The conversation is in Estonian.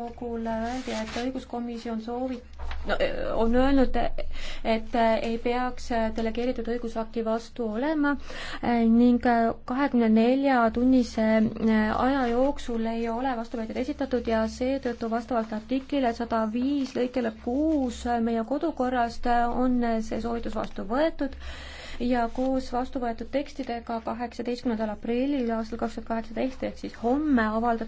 kogule öeldi, et õiguskomisjon soovib, no eh, on öelnud, et ei peaks delegeeritud õigusakti vastu olema eh, ning kahekümne nelja tunnise eh, aja jooksul ei ole vastuväited esitatud ja seetõttu vastavalt artiklile sada viis lõikele kuus meie kodukorrast on see soovitus vastu võetud ja koos vastu võetud tekstidega kaheksateistkümnendal aprillil aastal kaks tuhat kaheksateist ehk siis homme avaldatud